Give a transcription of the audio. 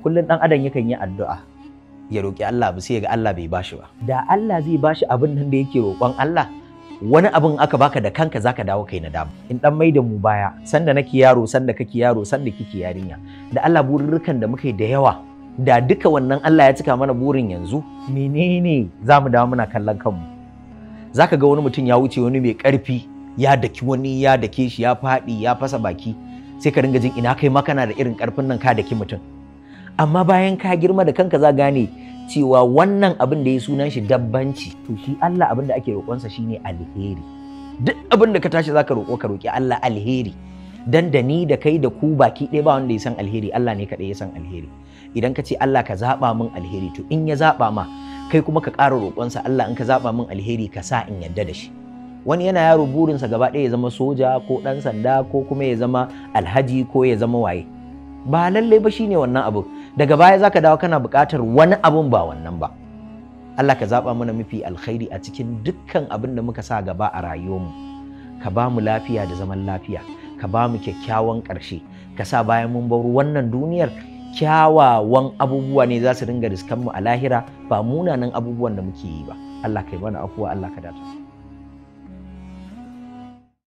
kullum ɗan adam yakan yi addu'a ya roƙi Allah ba sai ga Allah bai bashi ba da Allah zai bashi abin nan da yake roƙon Allah wani abin aka baka da kanka zaka dawo kai nadama in dan mai da mu baya sanda nake yaro sanda kake yaro sanda kike yarinya da Allah burrukan da muka yi da yawa da duka wannan Allah ya cika mana burin yanzu menene zamu dawo muna kallon kanmu zaka ga wani mutum ya wuce wani mai karfi ya daki wani ya dake shi ya faɗi ya fasa baki sai ka ringa jin ina kai ma kana da irin karfin nan ka daki mutum amma bayan ka girma da kanka za gane cewa wannan abin da ya sunan shi dabbanci to shi Allah abin da ake roƙonsa shine alheri duk abin da ka tashi zaka roƙo ka roƙi Allah alheri dan da ni da kai da ku baki ɗaya ba wanda ya san alheri Allah ne kaɗai ya san alheri idan ka ce Allah ka zaɓa min alheri to in ya zaɓa ma kai kuma ka ƙara roƙonsa Allah in ka zaɓa min alheri ka sa in yadda da shi wani yana yaro burinsa gaba ɗaya ya zama soja ko ɗan sanda ko kuma ya zama alhaji ko ya zama waye ba lallai ba shine wannan abu daga baya ka dawo kana buƙatar wani abun ba wannan ba Allah ka zaɓa mana mafi alkhairi a cikin dukkan abin da muka sa gaba a rayuwarmu ka ba mu lafiya da zaman lafiya ka ba mu kyakkyawan ƙarshe ka sa bayan mun bar wannan duniyar kyawawan abubuwa ne za su dinga riskan mu a lahira ba munanan abubuwan da muke yi ba Allah kai mana afuwa Allah ka dace